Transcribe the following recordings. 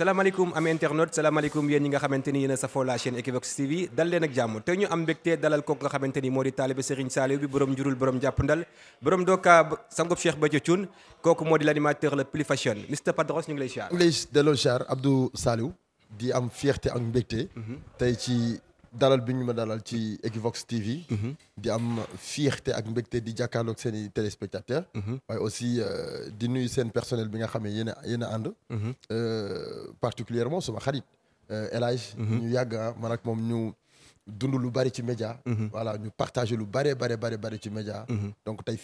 salaamaaleykum am internet salaamaaleykum yéen ñi nga xamante ni yéen a safoo la chaîne Equivox TV dal leen ak jàmm te ñu am mbégte dalal kooku nga xamante ni moo di taalibe Serigne Saliou bi borom njurul borom jàppandal borom dooka sangub Cheikh Béthio Thioune kooku moo l'animateur le plus fashion Padros ñu ngi char. ñu ngi lay delloo char Abdou am fierté mhm. tey ci dalal bi ñu ma dalal ci Equivox TV. Mhm. di am fierté ak mbegte di jàkkaarloog seen i téléspectateurs. Mhm. waaye aussi euh, di nuyu seen personnel bi nga xam ne yéen a yéen ànd. Mhm. Euh, particulièrement sama xarit euh, El Hadj ñu yàgg ah moom ñu dund lu bari ci média. voilà ñu partagé lu bari bare bari bari ci média. donc tey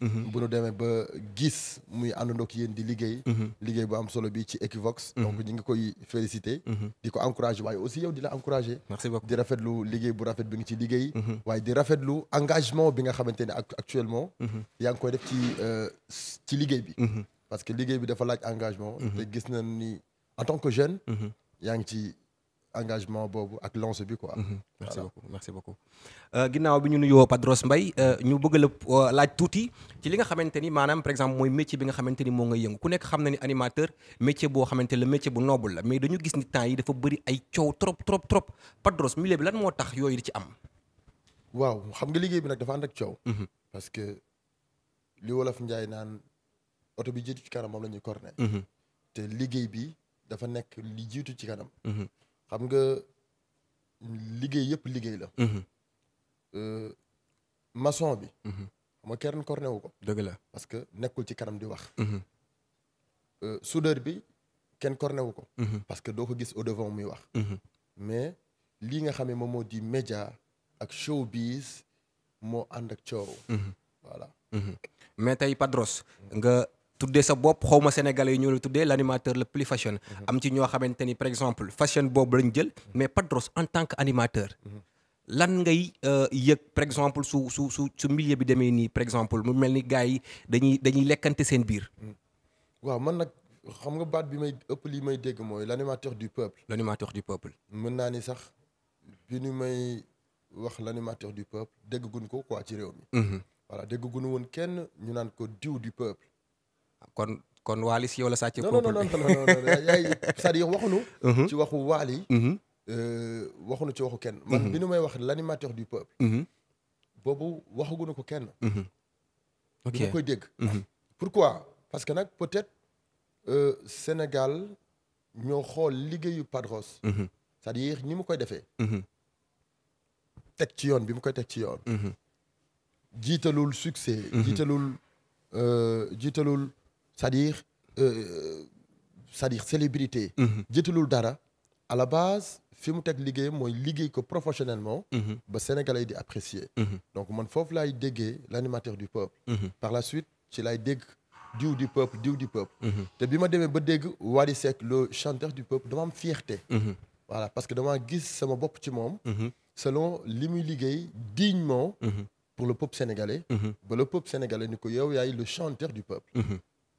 Mm-hmm. bu nu demee ba gis muy àndandoo ak yéen di liggéey. Mm-hmm. liggéey bu am solo bi ci Equivox. Mm-hmm. donc ñu ngi koy féliciter. di ko encourager waaye aussi yow di la encourager. merci beaucoup di rafetlu liggéey bu rafet bi nga ci liggéey. waaye di rafetlu engagement bi nga xamante ne actuellement. yaa ngi koy def ci euh, ci liggéey bi. parce que liggéey bi dafa laaj engagement. te gis nañ ni en tant que jeune. yaa ngi ci. engagement boobu ak lancé bi quoi. Mhm. merci beaucoup merci beaucoup. Euh, ginnaaw bi ñu nuyoo Padros Mbaye euh, ñu bëgg la euh, laaj tuuti ci li nga xamante ni maanaam par exemple mooy métier bi nga xamante ni moo nga yëngu ku nekk xam na ni animateur métier boo xamante la métier bu noble la mais dañu gis ni temps yi dafa bëri ay coow trop trop trop Padros milieu bi lan moo tax yooyu ci am. waaw xam nga liggéey bi nag dafa ànd ak coow. Mhm. parce que li wolof Njaay naan oto bi jiitu ci kanam moom la ñuy corné. Mhm. te liggéey bi dafa nekk li jiitu ci kanam. xam nga liggéey yëpp liggéey la. Mhm. Euh, maçon bi. Mhm. xam nga kenn wu ko. dëgg la parce que nekkul ci kanam di wax. Mhm. Euh, soudeur bi kenn korne wu ko. parce que doo ko gis au devant muy wax. mais lii nga xam ne moom moo di média ak bis moo ànd ak coow. voilà. Padros mm. nga. tuddee sa bopp xaw ma sénégalais yi ñoo la tuddee l' animateur le plus fashion mhm. am ci ñoo xamante ni par exemple fashion boobu lañ jël mhm. mais Padros en tant que animateur mhm. lan ngay euh, yëg par exemple su su su su milieu bi demee nii par exemple mu mel ni gars yi dañuy dañuy lekkante seen biir waaw man nag xam nga baat bi may ëpp li may dégg mooy l' animateur du peuple l' animateur du peuple mën naa ni sax bi ñu may wax l' animateur du peuple dégg gun ko quoi ci réew mi kon kon Waly si yow la sàcc. non non non mhm. ci waxu Waly. Mhm. Euh, waxuñu ci waxu kenn. Mhm. man bi nu may wax l'animateur du peuple. boobu waxaguñu ko kenn. ok ñu koy dégg. pourquoi parce que nag peut-être euh, Sénégal ñoo xool liggéeyu Padros. c'est-à-dire ni mu koy defee. teg ci yoon bi mu koy teg ci yoon. jiitalul succès. jiitalul euh, jiitalul. c'est-à-dire euh, célébrité. Mhm. jiitalul dara à la base fi mu teg liggéey mooy liggéey ko professionnellement. Mhm. ba Sénégalais di apprécier. Mhm. donc man foofu lay déggee l'animateur du peuple. par la suite ci laay dégg diw du peuple diw du peuple. te bi ma demee ba dégg Wally Seck le chanteur du peuple dama am fierté. voilà parce que damaa gis sama bopp ci moom. selon li muy liggéey dignement pour le peuple sénégalais. ba le peuple sénégalais ni ko yow yaay le chanteur du peuple.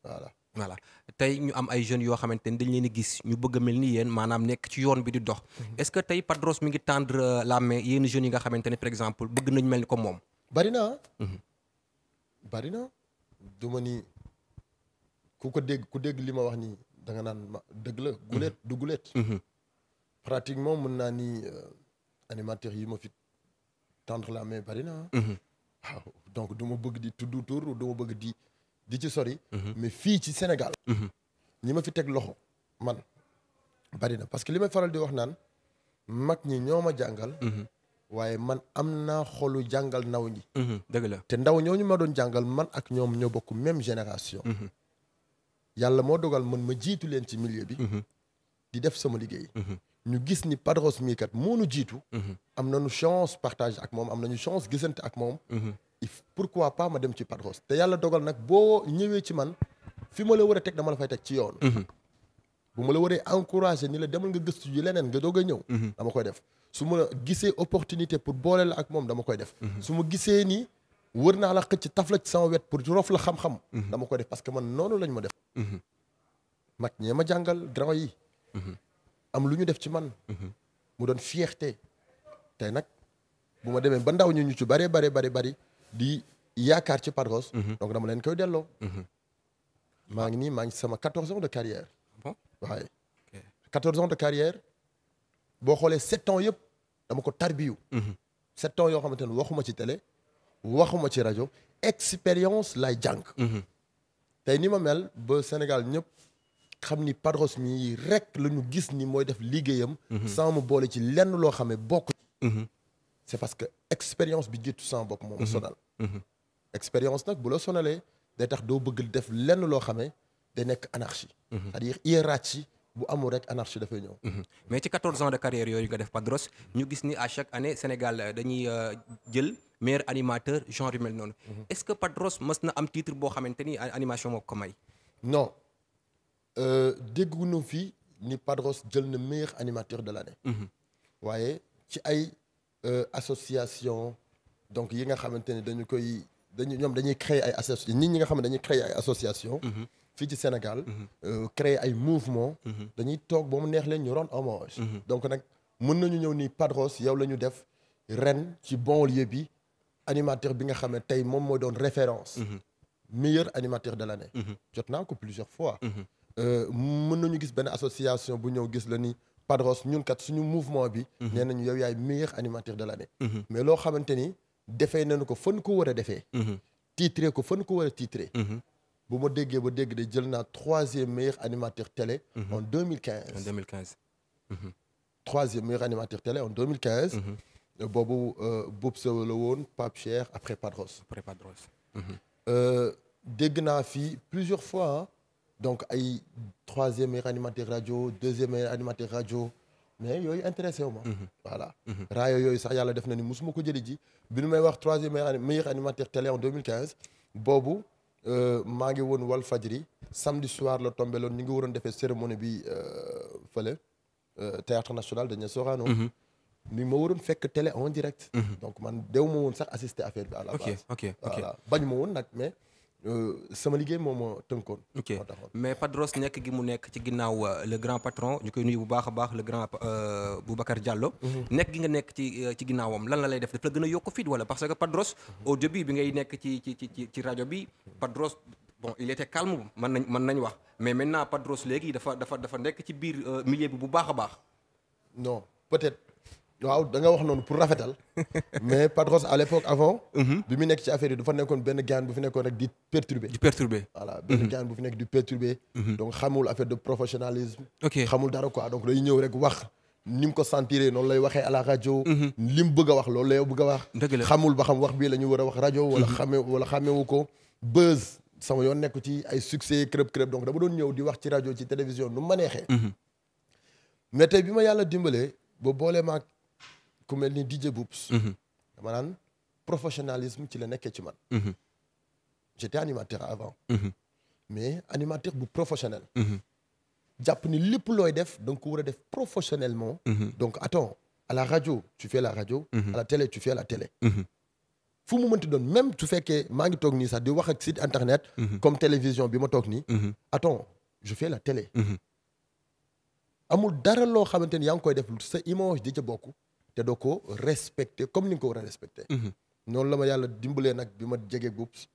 voilà voilà tey ñu am ay jeunes yoo xamante ni dañ leen di gis ñu bëgg mel nii yéen maanaam nekk ci yoon bi di dox. Mhm. est-ce que tey Padros mu ngi tendre euh, la main yéen jeunes yi nga xamante ne par exemple bëgg nañ mel ni ko moom. bari na mhm. na du ma dégg ku dégg li ma wax nii da nga naan ma dëgg la. Mhm. guleet du pratiquement mën naa ni euh, animateurs yi ma fit tendre la main bari na. donc du ma bëgg di tudd tur du ma bëgg di. di ci sori. mi mhm. fii ci Sénégal. Mhm. ñi ma fi teg loxo man bari na parce que li may faral di wax naan mag ñi ñoo ma jàngal. Mhm. waaye man am naa xolu jàngal ndaw ñi. dëgg la te ndaw ñu ma doon jàngal man ak ñoom ñoo bokk même génération. yàlla moo dogal mën ma jiitu leen ci milieu bi. di def sama liggéey. ñu gis ni Padros mii kat moo nu jiitu. Mhm. am na nañu chance partage ak moom am nañu chance gisante ak moom. Mhm. pourquoi pas ma dem ci Padros te yàlla dogal nag boo ñëwee ci man fi ma la war a teg dama la fay teg ci yoon. Mhm. bu ma la waree encouragé ni la demal nga gëstu ji leneen nga doog a ñëw. dama koy def su ma gisee opportunité pour boole la ak moom dama koy def. su ma gisee ni wër naa la xëcc taf la ci sama wet pour rof la xam-xam. dama koy def parce que man noonu lañ ma def. mag ñee ma jàngal grand yi. am lu ñu def ci man mhm. mu doon fierté tey nag bu ma demee ba ndaw ñu ñu ci bare bare bare bari di yaakaar ci Padros mhm. donc dama leen koy delloo mhm. maa ngi nii maa ngi sama quatorze ans de carrière waaye quatorze ans de carrière boo xoolee sept ans yëpp dama ko tarbiyu sept ans yoo xamante ne waxuma ci télé waxuma ci rajo expérience laay jàng tey ni ma mel ba Sénégal ñëpp xam ni Padros mi rek la ñu gis ni mooy def liggéeyam. sans mu boole ci lenn loo xam ne bokk. Mhm. c'est parce que expérience bi jiitu sans bopp moom mhm. sonal. Mhm. expérience nag bu la sonalee day tax doo bëgg def lenn loo xam ne day nekk anarchie. c'est-à-dire hiérarchie bu amul rek anarchie dafay ñëw. mais ci 14 ans de carrière yooyu nga def Padros ñu gis ni à chaque année Sénégal euh, dañuy euh, jël meilleur animateur genre yu mel noonu. est-ce que Padros mës na am titre boo xamante ni animation moo ko Euh, déggu na fi ni Padros jël na meilleur animateur de l'année mhm. waaye ci ay euh, association donc yi nga xamante ne dañu koy dañu ñoom dañuy créer ay association nit ñi nga xam ne dañuy créer ay association mhm. fii ci Sénégal mhm. euh, créer ay mouvement dañuy toog ba mu neex leen ñu rendre hommage donc nag mën nañu ñëw nii Padros yow la ñu def ren ci banlieue bi animateur bi nga xam ne tey moom mooy doon référence meilleur animateur de l'année jot naa ko plusieurs fois Euh, mën nañu gis benn association bu ñëw gis la ni Padros ñun kat suñu mouvement bi. Mhm. nee nañu yow yaay meilleur animateur de l'année. Mhm. mais loo xamante ni defee nañu ko fan ko war a defee. Mhm. titré ko fan ko war a titré. bu ma déggee ba dégg de jël naa troisième meilleur animateur télé. en deux mille quinze. en deux mille quinze. troisième meilleur animateur télé en deux mille quinze. Euh, boobu euh, Boub Sow la woon Pape Cheikh après Padros. après Padros. dégg naa fi plusieurs fois. donc ay troisième aire animateur rajo deuxième aire animateur rajo mais yooyu intéressé wu ma. Mhm. voilà mhm. rajo yooyu sax yàlla def na ni musuma ko jëli ji bi nu may wax troisième meilleur animateur télé en 2015 boobu euh, maa ngi woon Walf Fadjri samedi soir la tombé loon ñu ngi waroon defee cérémonie bi euh, fële euh, théâtre national dañu Sorano mhm. ni ma waroon fekk télé en direct donc man dew ma woon sax assister affaire bi à la base bañ ma woon nag Euh, sama liggéey moom moo tënkoon. ok mais Padros nekk gi mu nekk ci ginnaaw euh, le grand patron ñu koy nuyu bu baax a baax le grand euh, Boubacar Diallo. Mhm. nekk gi nga nekk ci ci ginnaawam lan la lay def dafa la gën a yokk fii wala parce que Padros. Mhm. au début bi ngay nekk ci ci ci ci rajo bi Padros bon il était calme mën nañ mën nañ wax mais maintenant Padros léegi dafa dafa dafa nekk ci biir milieu bi bu baax a baax. non waaw da nga wax noonu pour rafetal mais Padros à l'époque avant mhm. bi mu nekk ci affaire yi dafa nekkoon benn gaan bu fi nekkoon rek di perturbé di perturbé voilà benn mhm. gaan bu fi nekk di perturbé mhm. donc xamul affaire de professionnalisme ok xamul dara quoi donc day ñëw rek wax ni mu ko sentiree noonu lay waxee à la rajo li mu bëgg wax loolu lay bëgg wax xamul ba xam wax bii la ñu war a wax rajo wala xame wala xamewu ko buzz sama yoon nekk ci ay succès crëb crëb donc dama doon ñëw di wax ci rajo ci télévision nu ma neexee mais bi ma yàlla dimbalee ba boolee maag ku mel ni DJ Boubs mhm. dama naan ci la nekkee ci man mhm. j'étais animateur avant mhm. mais animateur bu professionnel jàpp ni lépp looy def donc ko war a def professionnellement donc attends à la radio tu fais la radio à la télé tu fais la télé fu mu mënti doon même su fekkee maa ngi toog nii sax di wax ak site internet comme télévision bi ma toog nii attends je fais la télé amul dara loo xamante ni yaa ngi koy def sa image di ca bokk te doo ko respecté comme ni nga ko war a respecté. Mhm. noonu la ma yàlla dimbalee nag bi ma jegee Goups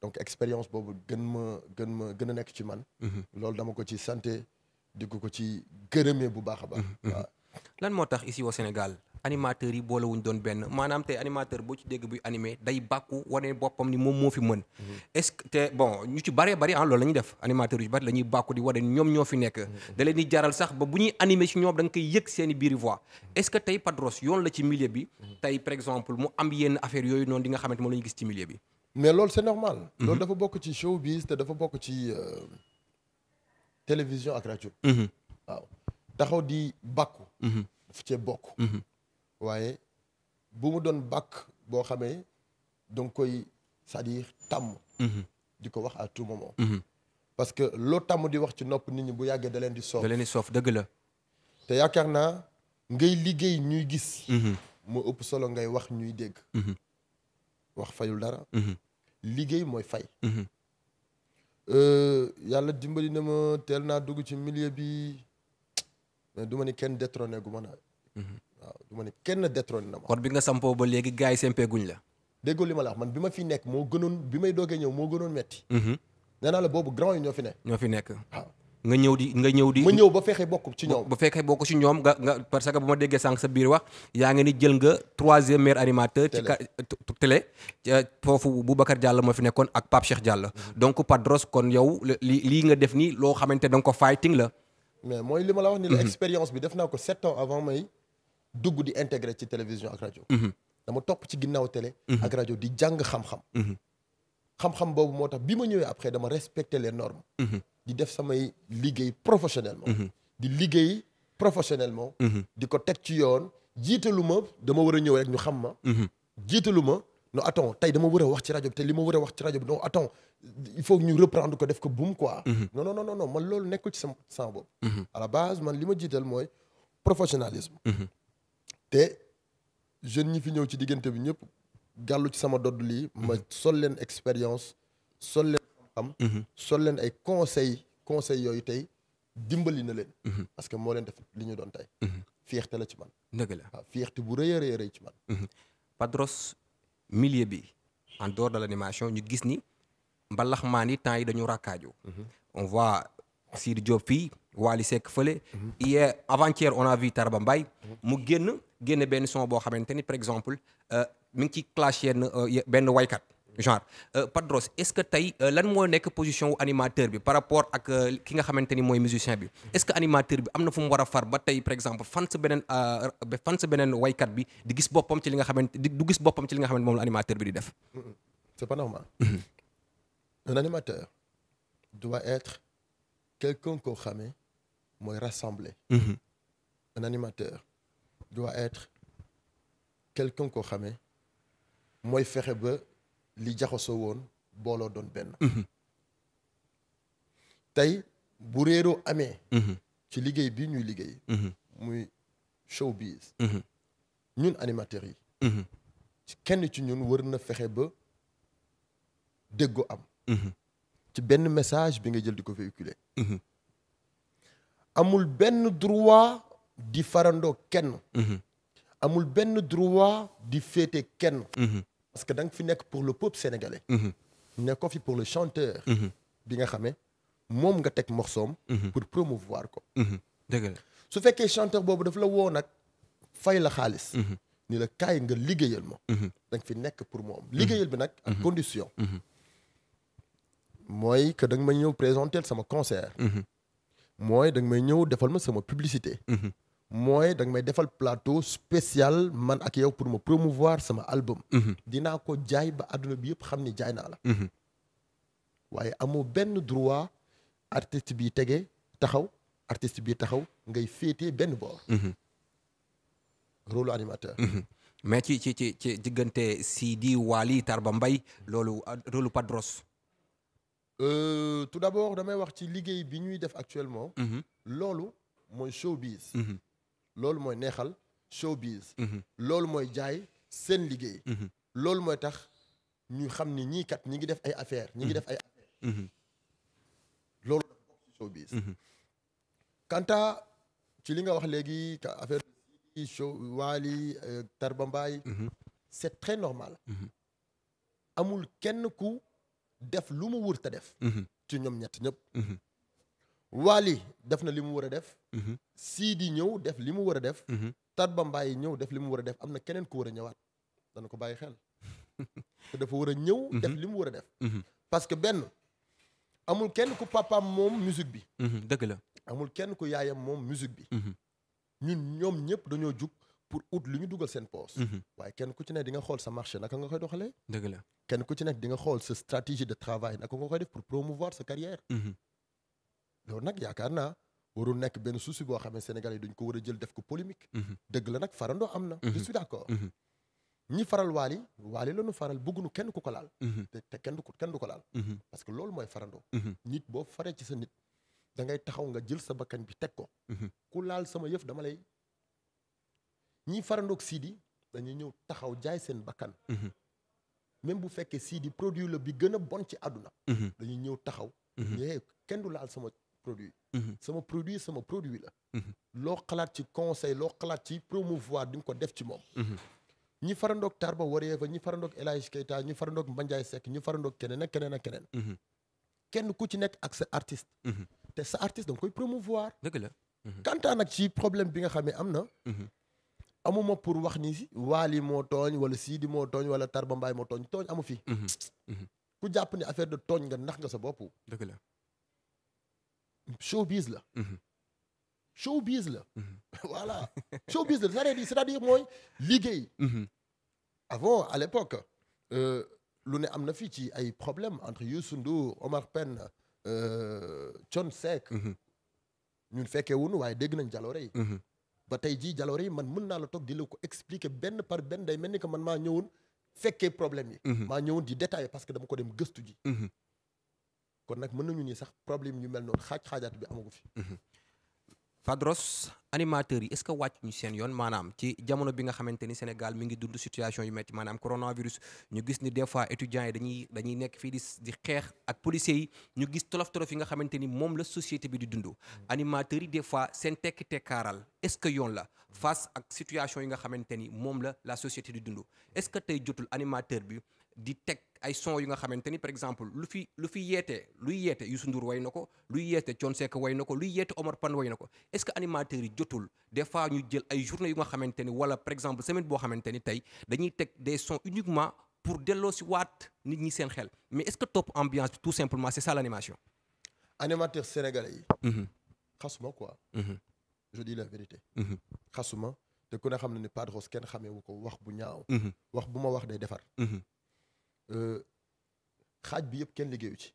donc expérience boobu gën ma gën ma gën a nekk ci man. Mhm. loolu dama ko ci sante di ko ci gërëmee bu baax a baax. Mhm. lan moo tax ici au Sénégal animateurs yi boole wuñ doon benn maanaam tey animateur boo ci dégg buy anime day bàkku wane boppam ni moom moo fi mën mm-hmm. est-ce que te bon ñu ci baree bëri ah loolu la ñuy def animateurs yu ci bëri la ñuy bàkku di wane ñoom ñoo fi nekk mm-hmm. da leen di jaral sax ba bu ñuy animé si ñoom da nga koy yëg seeni i biir voix mm-hmm. est-ce que tey Padros yoon la ci milieu bi tey par exemple mu am yenn affaire yooyu noonu di nga xamante moom la ñu gis ci milieu bi mais loolu c'est normal loolu bokk ci showbiz te dafa ci euh, télévision ak waaw taxaw di bàkku daf cee bokk waaye bu mu doon bàkk boo xamee danga koy cest à tàmm mhm. di ko wax à tout moment mhm. parce que loo tàmm di wax ci nopp nit ñi bu yàggee da leen di soof da leen di soof dëgg la te yaakaar naa ngay liggéey ñuy gis mhm. moo ëpp solo ngay wax ñuy dégg wax fayul dara liggéey mooy fay euh, yàlla dimbali na ma teel naa dugg ci millier bi mais du ma kenn détrôné gu ma naa waaw du ma ne kenn détrôné na ma. kon bi nga sampoo ba léegi gars yi sempee guñ la. déggoo li ma la man bi ma fi nekk moo gënoon bi may doogee ñëw moo gënoon metti mhm. nee la boobu grand yi ñoo fi nekk. ñoo fi nekk nga ñëw di nga ñëw di. ma ñëw ba fexe bokk ci ñoom. ba fexe bokk ci ñoom nga nga parce que bu ma déggee sànq sa biir wax yaa ngi ni jël nga troisième maire animateur. ci ka télé. foofu Boubacar jàll moo fi nekkoon ak Pape Cheikh Diallo. Mhm. donc Padros kon yow li lii nga def nii loo xamante da nga ko fighting la. mais mooy li ma la wax ni la mhm. expérience bi def naa ko sept ans avant dugg di intégré ci télévision ak rajo. Mhm. dama topp ci ginnaaw télé. Mhm. ak rajo di jàng xam-xam. Mhm. xam-xam boobu moo tax bi ma ñëwee après dama respecté les normes. di def samay liggéey professionnellement. di liggéey professionnellement. di ko teg ci yoon jiitalu ma dama war a ñëw rek ñu xam ma. jiitalu ma non attends tey dama war a wax ci rajo bi te li ma war a wax ci rajo bi non attends il faut ñu reprendre ko def ko buum quoi. non non non man loolu nekkul ci sama sama bopp. man li ma jiital mooy professionnalisme. te jeunes ñi fi ñëw ci diggante bi ñëpp gàllu ci sama dodd lii ma mhm. sol leen expérience sol leen mhm. sol leen ay conseil conseil yooyu tey dimbali na leen mhm. parce que moo leen def li ñu doon tey fierté la ci man dëgg la waaw fierté bu rëy a rëy ci man Padros milieu bi en dehors de l' animation ñu gis ni mbalax maan yi temps yi dañu rakkaaju on voit Sidi Diop fii Wally Seck fële hier avant-hier on a vu Tarba Mbaye mu génn génne benn son boo xamante ni par exemple euh, mi ngi ci clash yenn euh, benn waykat genre euh, Padros est-ce que tey lan moo nekk position animateur bi par rapport ak ki nga xamante ni mooy musicien bi est-ce que animateur bi am na fu mu war a far ba tey par exemple fan sa beneen fan sa beneen waykat bi di gis boppam ci li nga xamante du gis boppam ci li nga xamante moom la animateur bi di def. c'est pas normal. Mm-hmm. un animateur doit être mm-hmm. un animateur. doit être quelqu'un koo xamee mooy fexe ba li jaxasoo woon booloo doon benn mhm. tey bu réeroo amee mhm. ci liggéey bi ñuy liggéey mhm. muy showbiz ñun animateurs yi ci kenn ci ñun wër na fexe ba déggoo am ci benn message bi nga jël di ko véhiculer amul benn droit di farandoo kenn mhm. amul benn droit di féete kenn mhm. parce que da nga fi nekk pour le peuple sénégalais mhm. nekkoo fi pour le chanteur bi nga xamee moom nga teg morsoom pour promouvoir ko dëgg su fekkee chanteur boobu daf la woo nag fay la xaalis ni la kaay nga liggéeyal ma da fi nekk pour moom liggéeyal bi nag ak condition mooy que da nga may ñëw présenter sama concert mooy da may ñëw defal ma sama publicité mooy da may defal plateau spécial man ak yow pour ma promouvoir sama album. Mhm. dinaa ko jaay ba àdduna bi yëpp xam ni jaay naa la. Mhm. waaye amoo benn droit artist bi tege taxaw artiste bi taxaw ngay féetee benn boor. Mhm. rôle animateur. mais ci ci ci ci diggante Sidi Wali ba mbay loolu rôle Padros. Euh, tout d'abord damay wax ci liggéey bi ñuy def actuellement. loolu mooy showbiz. loolu mooy neexal showbiz. Mhm. loolu mooy jaay seen liggéey. Mhm. loolu mooy tax ñu xam ni ñii kat ñi ngi def ay affaire ñi ngi mhm. def ay affaire loolu dafa ci showbiz. quant ci li nga wax léegi affaire bi show Waly euh, Tarba c'est très normal. amul kenn ku def lu mu wër def. ci ñoom ñett ñëpp. Wally def na li mu war a def. Mhm. Sidi ñëw def li mu war a def. Mhm. Tarba Mbaye ñëw def li mu war a def am na keneen ku war a ñëwaat dana ko bàyyi xel te dafa war a ñëw. Mhm. def li mu war a def. parce que benn amul kenn ku papaam moom musique bi. dëgg la amul kenn ku yaayam moom musique bi. ñun ñoom ñëpp dañoo jug pour ut lu ñu dugal seen poos waaye kenn ku ci nekk di nga xool sa marché naka nga koy doxalee. dëgg kenn ku ci nekk di nga xool sa stratégie de travail naka nga koy def pour promouvoir sa loolu nag yaakaar naa warul nekk benn souci boo xam ne Sénégal yi dañ ko war a jël def ko polémique mhm. dëgg la nag farandoo am na mhm. je suis d'accord mhm. ñi faral waali waali lanu ñu faral bëgguñu kenn ku ko laal te te kenn du ko kenn du ko laal parce que loolu mooy farandoo nit boo faree ci sa nit da ngay taxaw nga jël sa bakkan bi teg ko ku laal sama yëf dama lay ñi farandoog Sidi dañuy ñëw taxaw jaay seen bakkan même bu fekkee Sidi produit la bi gën a bon ci àdduna dañuy ñëw taxaw ñee laal sama produit mhm. sama produit sama produit la mhm. loo xalaat ci conseil loo xalaat ci promouvoir di nga ko def ci moom mhm. ñi farandoog Tarba Wareefa ñi farandoog El Hadj Keita ñi farandoog Mbanjaay Seck ñi farandoog keneen ak keneen ak keneen kenn ku ci nekk ak sa artiste te sa artiste da nga koy promouvoir dëgg la kantaan nag ci problème bi nga xam ne am na amuma pour wax ni Waali moo tooñ wala Sidi moo tooñ wala Tarba Mbaay moo tooñ tooñ amu fi ku jàpp ne affaire de tooñ nga ndax nga sa bopp dëgg la showbiz la. showbiz la. voilà showbiz la c'est-à-dire mooy liggéey. Mm-hmm. avant à l'époque euh, lu ne am na fii ci ay problème entre Youssou Ndour Omar Pène euh, Thione Seck. Mm-hmm. ñun fekkee wuñu waaye dégg nañ jaloore yi. Mm-hmm. ba tey jii jaloore yi man mun naa la toog di la ko expliquer benn par benn day mel ni que man maa ñëwoon fekkee problème yi. maa ñëwoon di détailler parce que dama ko dem gëstu ji. kon nag mën nañu ni sax problème yu mel noonu xaaj xaajaat bi amagu fi. Mhm. Fadros animateur yi est-ce que wàcc ñu seen yoon maanaam ci jamono bi nga xamante ni Sénégal mi ngi dund situation yu métti maanaam coronavirus ñu gis ni des fois étudiants yi dañuy dañuy nekk fii di di xeex ak policiers yi ñu gis tolof tolof yi nga xamante ni moom la société bi di dund. Mhm. animateurs yi des fois seen tekki tekkaaral est-ce que yoon la mhm. face ak situation yi nga xamante ni moom la la société di dund est-ce que tey jotul animateur bi di teg. ay son yu nga xamante ni par exemple lu fi lu fi yeete luy yeete Youssou Ndour way na ko luy yeete Thione Seck way na ko luy yeete Omar Pène way na ko est-ce que animateurs yi jotul des ñu jël ay journée yu nga xamante ni wala par exemple semaine boo xamante ni tey dañuy teg des sons uniquement pour delloo si waat nit ñi seen xel mais est-ce que topp ambiance bi tout simplement c'est ça l'animation animateur sénégalais yi mhm. xasuma quoi mhm. je dis la vérité mhm. xasuma te ku ne xam ne ni Padros kenn xamee wu ko wax bu ñaaw wax bu ma wax day defar Euh, xaaj bi yëpp kenn liggéeyu ci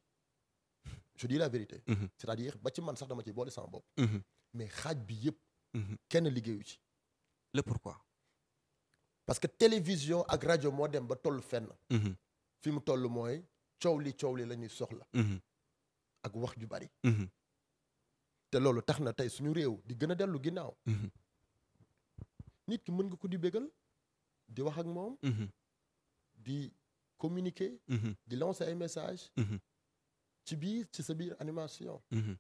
je dis la vérité. Mhm. c'est-à-dire ba ci man sax dama ci boole sama bopp. Mhm. mais xaaj bi yëpp. Mhm. kenn liggéeyu ci. le pourquoi. parce que télévision ak rajo moo dem ba toll fenn. fi mu toll mooy coow li coow li lañuy ñuy soxla. ak wax ju bari. te loolu tax na tey suñu réew di gën a dellu ginnaaw. nit ki mën nga ko di bégal di wax ak moom. di communiquer mm-hmm. di lancer ay message mm-hmm. ci biir ci sa biir animation mm-hmm.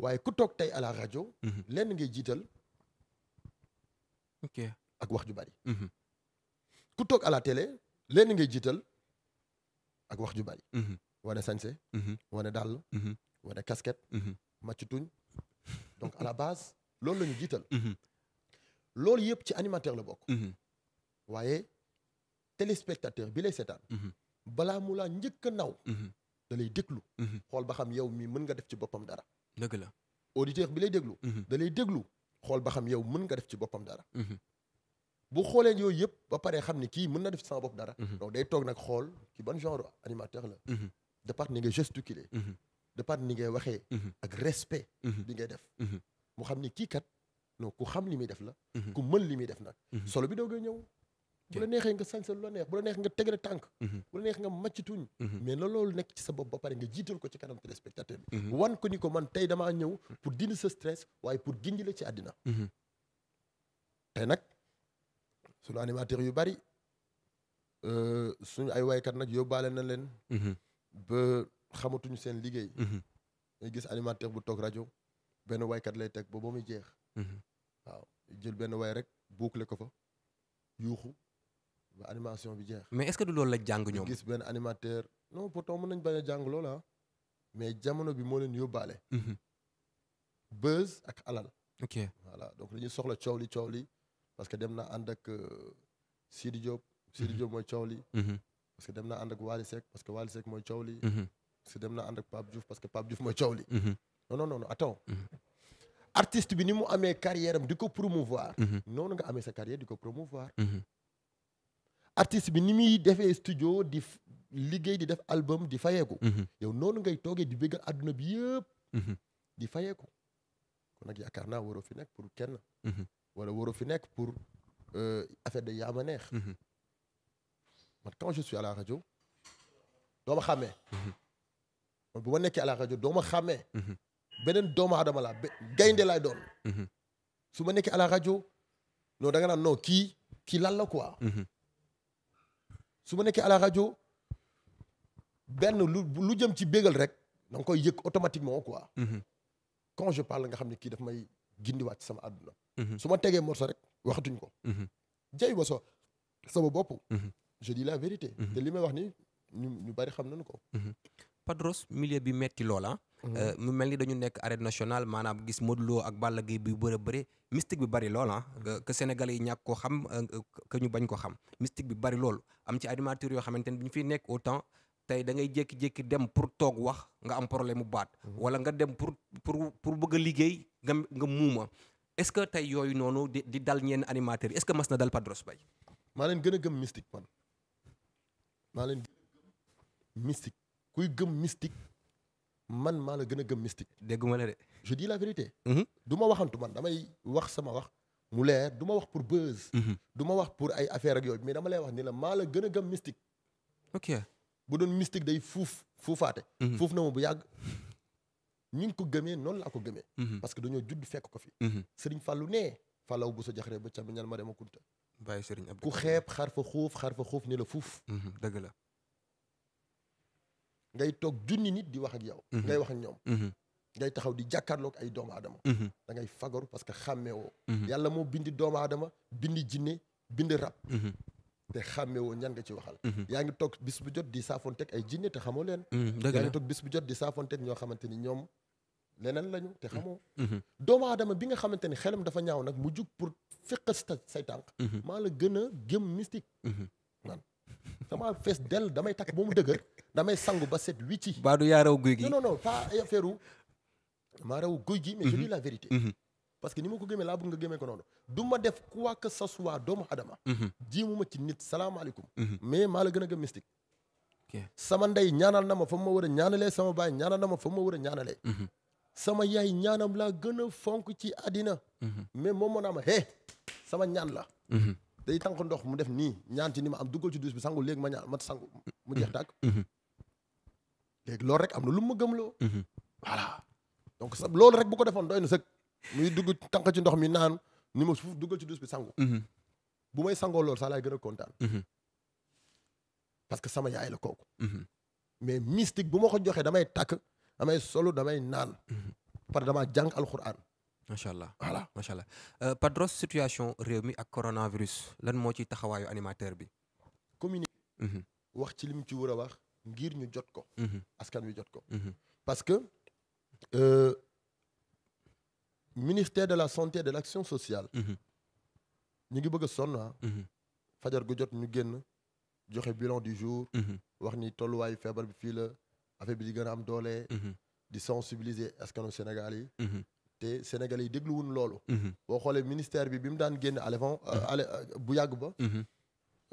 waaye ku toog tey à la rajo lenn ngay jiital ok ak wax ju bari ku toog à la télé lenn ngay jiital ak wax ju bari wane sañse wane dàll wane casquette màcc tuñ donc à la base loolu la jiital loolu yëpp ci animateur la bokk waaye téléspectateur bi lay seetaan mhm. balaa mu laa njëkk a naw mhm. da lay déglu mhm. xool ba xam yow mii mën nga def ci boppam dara dëgg la auditeur bi lay déglu da déglu xool ba xam yow mën nga def ci boppam dara bu xoolee yooyu yëpp ba pare xam ni kii mën na def ci sama bopp dara donc day toog nag xool ki ban genre animateur la de ni ngay gesticuler de part ni ngay waxee ak respect bi ngay def mu xam ni kii kat non ku xam li muy def la ku mën li muy def nag solo bi doogee ñëw bu la neexee nga sañse lu la bu la neex nga tegale tànk mhm. bu neex nga màcc mhm. mais la loolu nekk ci sa bopp ba pare nga jiital ko ci kanam téléspectateur bi mhm. wan ko ni ko man tey damaa ñëw pour dindi sa stress waaye pour gindi la ci àddina tey nag suñu animateur yu bari euh, suñu ay waykat nag yóbbaale na leen ba xamatuñu seen liggéey ngay gis animateur bu toog rajo benn waykat lay teg ba ba muy jeex jël benn way rek boucler ko fa yuuxu ba animation bi jeex. mais est-ce que du loolu la jàng ñoom. gis benn animateur non pourtant mën nañ bañ jàng loola ah. mais jamono bi moo leen yóbbaale. Mhm. buzz ak alal. ok voilà donc ñu soxla coow li coow li parce que dem naa ànd ak euh, Sidi Diop. Sidi mhm. Diop mooy coow li. Mhm. parce que dem na ànd ak Wally Seck parce que Wally Seck mooy coow li. parce que dem naa ànd ak Pape Diouf parce que Pape Diouf mooy bi ni mu amee carrière am di ko promouvoir. noonu nga amee sa carrière di ko promouvoir. artiste bi ni muy defee studio di liggéey di def album di fayeeku mhm. yow noonu ngay toogee di béggal àdduna bi yëpp mhm. di fayeeku kon nag yaakaar naa waroo fi nekk pour kenn mhm. wala waroo fi nekk pour euh, affaire de yaama neex man quand je suis à la rajo doo ma bu ma nekkee à la rajo doo ma beneen doomu adama la gaynde lay doon su ma nekkee à la rajo non da nga naan non kii kii lan la quoi su ma nekkee à rajo benn lu lu jëm ci bégal rek da nga koy yëg automatiquement quoi. Mhm. quand je parle nga xam ne kii daf may gindiwaat ci sama àdduna. Mhm. su ma tegee morceau rek waxatuñ ko. Mhm. jaay ma so sama bopp. je dis la vérité. te li may wax ni ñu ñu bari xam nañu ko. Padros milieu bi metti loola ah. Euh, mm-hmm. mu mel ni dañu nekk arène national maanaam gis Modou Lo ak Balla Gaye bi bëri bëri mystique bi bëri lool ah. Mm-hmm. que Sénégalais yi ñàkk koo xam euh, que ñu bañ ko xam mystique bi bari lool am ci animateur yoo xamante ne bi ñu fiy nekk autant tey da ngay jékki-jékki dem pour toog wax nga am problème mu baat. Mm-hmm. wala nga dem pour pour pour bëgg a liggéey nga nga muuma est-ce que tey yooyu noonu di di dal ñeen animateur est-ce que mas na dal Padros Bay. maa leen gën a gëm mystique maa leen gën gëm mystique kuy gëm mystique. man maa la gën a gëm mystique. dégguma la de. je dis la vérité. Mhm. du ma waxantu man damay wax sama wax mu leer du ma wax pour buzz. Mhm. du ma wax pour ay affaire ak yooyu mais dama lay wax ni la maa la gën a gëm mystique. ok bu doon mystique day fuuf fuufaate. Mhm. fuuf na ma bu yàgg. ñi ko gëmee noonu laa ko gëmee. parce que dañoo judd fekk ko fi. Serigne fàllu nee Fallaw bu sa jaxaree ba ca ma dem a kunta. bàyyi sëriñ Abdou ku xeeb xar fa xuuf xar fa xuuf ni la fuuf. dëgg la. ngay toog junni nit di wax ak yow. Mhm. ngay wax ak ñoom. Mhm. ngay taxaw di jàkkaarloog ay doomu aadama. Mhm. da ngay fagaru parce que xàmmee yàlla moo bindi doomu aadama bindi jinne bindi rab. te xàmme woo ñan nga ci waxal yaa ngi toog bis bu jot di saafonteeg ay jinne te xamoo leen yaa ngi toog bis bu jot di saafonteeg ñoo xamante ni ñoom leneen lañu te xamoo doomu aadama bi nga xamante ni xelam dafa ñaaw nag mu jug pour sa say tànk maa la gën a gëm mystique man fees dell damay takk ba mu dëgër damay sangu ba set wicci. baa du yaa raw guy gi non non pas ay affaire maa raw guy gi. mais je mhm. dis la vérité. Mhm. parce que ni ma ko gëmee laa bëgg nga gëmee ko noonu du ma def quoi que ce soit doomu adama mhm. mu ma ci nit salaamaaleykum mais maa la gën a gëm sama ndey ñaanal na ma fa ma war a ñaanalee sama baay ñaanal na ma fa ma war a sama yaay ñaanam laa gën a fonk ci àddina mais moom moo naa ma hé sama ñaan la day tànk ndox mu def nii ñaanti ni ma am duggal ci duus bi sangu léegi ma ñaan ma léegi loolu rek am na lu mu ma gëmloo. Mhm. voilà donc sa loolu rek bu ko defoon doy na sëg muy dugg tànk ci ndox mi naan ni ma suuf duggal ci douche bi sangu. Mhm. bu may sangoo loolu saa laay gën a kontaan. Mhm. parce que sama yaay la kooku. mais mystique bu ma ko joxee damay takk damay solo damay naan. parce que damaa jàng alxuraan. macha allah voilà macha allah euh, Padros situation réew mi ak coronavirus lan moo ci taxawaayu animateur bi. communiquer. wax ci li mu ci wër a wax. ngir ñu jot ko. Mhm. askan wi jot ko. Mhm. parce que euh, ministère de la santé et de l'action sociale. Mhm. ñu ngi bëgg a ah. fajar gu jot ñu génn joxe bilan du jour. wax ni tolluwaayu feebar bi fii la affaire bi di gën a am doole. di sensibiliser askanu Sénégal yi. te Sénégal yi dégluwun loolu. boo xoolee ministère bi bi mu daan génn à l'avant euh, euh, bu yàgg ba.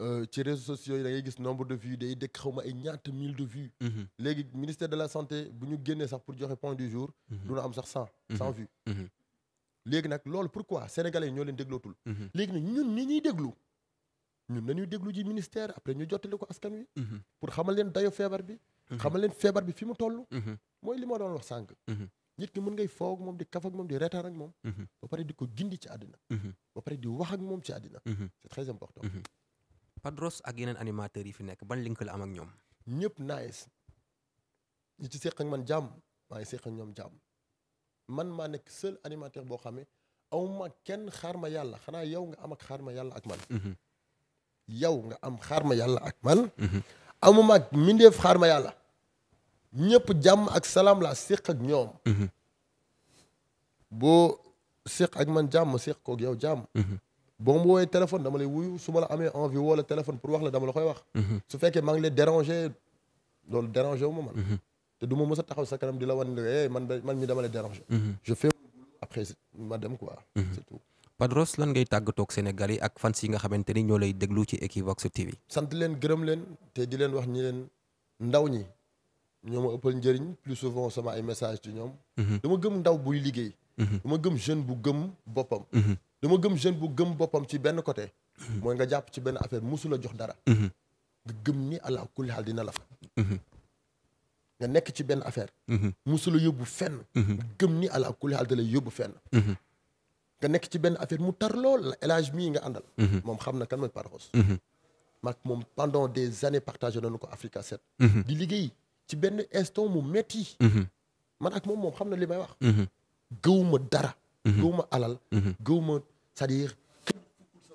Euh, ci réseaux sociaux yi da gis nombre de vues day dëkk xaw ma ay ñaata mille de vues. Mhm. léegi ministère de la santé bu ñu génnee sax pour joxe point du jour. Mhm. duna am sax cent cent mhm. vues. léegi nag loolu pour sénégalais yi ñoo leen déglootul. léegi nag ñun ñi ñuy déglu ñun na ñuy déglu ji ministère après ñu jottali ko askan wi. pour xamal leen dayo feebar bi. xamal leen feebar bi fi mu toll. mooy li ma doon wax sànq. nit ki mën ngay foog moom di kaf ak moom di moom. ba di ko gindi ci àddina. ba pare wax ak moom ci àddina. c'est très important. Padros ak yeneen animateurs yi fi nekk ban link la am ak ñoom. ñëpp nice ñi ci seq ak man jàmm maa seq ñoom jàmm man maa nekk seul animateur boo xam ne awma kenn xaar ma yàlla xanaa yow nga am ak xaar ma yàlla ak man. Mhm. yow nga am xaar ma yàlla ak man. mindeef mhm. xaar ma yàlla. ñëpp jàmm ak salaam laa séq ak ñoom. Mhm. boo séq ak man jàmm séq koog yow jàmm. boo mu woowee téléphone dama lay wuyu su ma la amee envie woo la téléphone pour wax la dama la koy wax mhm. su fekkee maa ngi lay déranger loolu déranger wu ma man mhm. te du ma mës a taxaw sa kanam di la wan ne eh, man man mi dama lay déranger mhm. je fais ma dem quoi c'est tout Padros lan ngay tàggatoog Sénégal yi ak fans yi nga xamante ni ñoo lay déglu ci Equivox TV sant leen gërëm leen te di leen wax ñi leen ndaw ñi ñoo ëppal njëriñ plus souvent sama ay message ci ñoom dama gëm ndaw buy liggéey Mhm. dama gëm jeune bu gëm boppam mhm. dama gëm jeune bu gëm boppam ci benn côté mhm. mooy nga jàpp ci benn affaire musu la jox dara nga gëm ni allah kulli xaal dina la fa nga nekk ci benn affaire musu la yóbbu fenn nga gëm ni allah kulli xaal yóbbu fenn nga nekk ci benn affaire mu tar lool la élage mii nga àndal moom xam na kan mooy Parxos maak moom pendant des années partagé nañu ko Africa set di liggéey ci benn instant mu metti man ak moom moom xam na li may wax gëwuma dara mhm. gëwuma alal mhm. gëwuma c'est-à-dire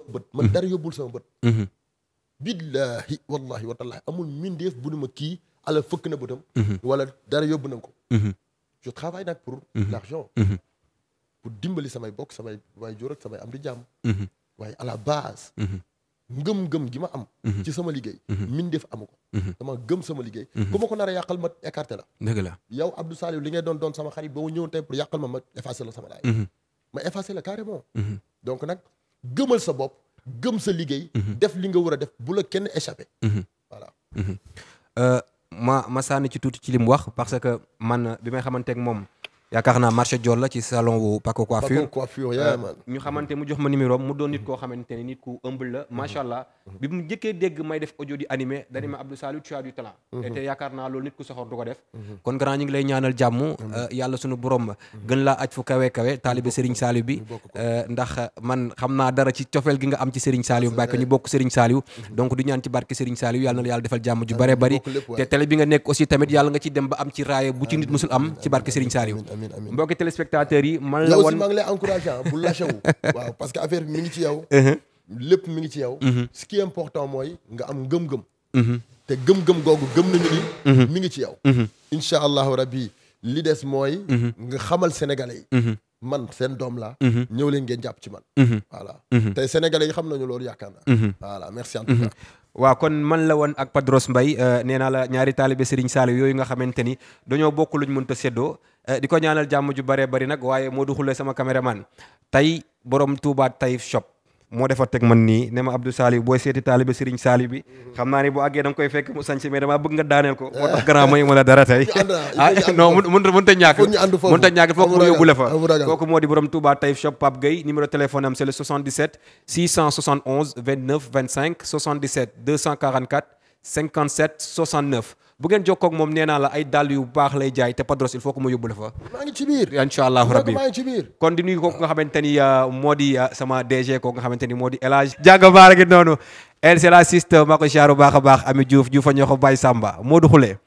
bët man mhm. dara yóbbul sama bët billaahi wallahi wa amul mindeef bu ni ma kii alal fëkk na bëtam wala dara yóbbu na ko je travaille nag pour l'argent pour dimbali samay bokk samay waay jur ak samay am di jàmm ngëm-ngëm gi ma am mhm. ci sama liggéey mhm. min def amu ko mhm. dama gëm sama liggéey ku ma ko nar a yàqal ma écarté la dëgg la yow Abdou Saliou li ngay doon doon sama xarit ba ma ñëwoon tey pour yàqal ma ma effacé la sama laay ma effacé la carrément donc nag gëmal sa bopp gëm sa liggéey def li nga war a def bu la kenn échappé voilà euh, ma ma sànni ci tuuti ci li mu wax parce que man bi may xamanteeg moom yaakaar naa marché Dior la ci salon wu Paco Coiffure euh, ñu xamante mu jox ma numéro mu doon nit koo xamante ne nit ku humble la mm-hmm. macha allah bi mu njëkkee dégg may def audio di animé dani ma mm-hmm. Abdou Salou tu as du talent mm-hmm. yaakaar naa loolu nit ku soxor du ko def kon grand ñu ngi lay ñaanal jàmm euh, yàlla suñu borom gën bi euh, ndax man nga bokk Serigne Saliou donc du na yàlla defal jàmm ju bare bari te nga nekk aussi tamit yàlla nga ci dem ba am ci raaye bu ci nit musul am ci barke Serigne Saliou amiin amiin mbokki téléspectateurs yi. man la woon lay encouragé ah, bu lâché wu. waaw parce que affaire bi ngi ci yow. Uh-huh. lépp mi ngi ci yow. Uh-huh. ce qui est important mooy nga am gëm-gëm. Uh-huh. te gëm-gëm googu gëm mi ngi ci yow. incha allahu rabbi li des mooy. nga xamal sénégalais yi. man seen doom laa. ñëw leen ngeen jàpp ci man. voilà tey sénégalais yi xam nañu loolu yaakaar naa. merci en tout waaw kon man la woon ak Padros Mbaye euh, nee naa la ñaari taalibe Serigne Saliou yooyu nga xamante ni dañoo bokk luñ mënta séddoo euh, di ko ñaanal jàmm ju bëree bari nag waaye moo du xulee sama man tey borom tuubaat Taïf shop moo defa teg man nii ne ma Abdou Salif booy seeti taalibe Serigne Salif bi mm-hmm. xam naa ni bu àggee koy fekk mu sañse mais damaa bëgg nga daaneel ko moo tax grand mayu ma la dara tey ah mun ta ñàkk foog mu yóbbu la fa kooku moo di borom Touba Taïf Shop Pape Gueye numéro téléphone am c'est le 77 671 29 25 77 244 57 69 bu ngeen jokkoo ak moom nee naa la ay dàll yu baax lay jaay te Padros il faut que ma yóbbu la fa. maa ngi ci allahu rabbi kon di nuyu ko nga xamante ni euh, moo di euh, sama DG ko nga xamante ni moo di El Hadj. jànga baara gi noonu El c'est la siste maa ko baax a baax Ami Diouf Diouf a ñoo ko Baye Samba Modou Khoule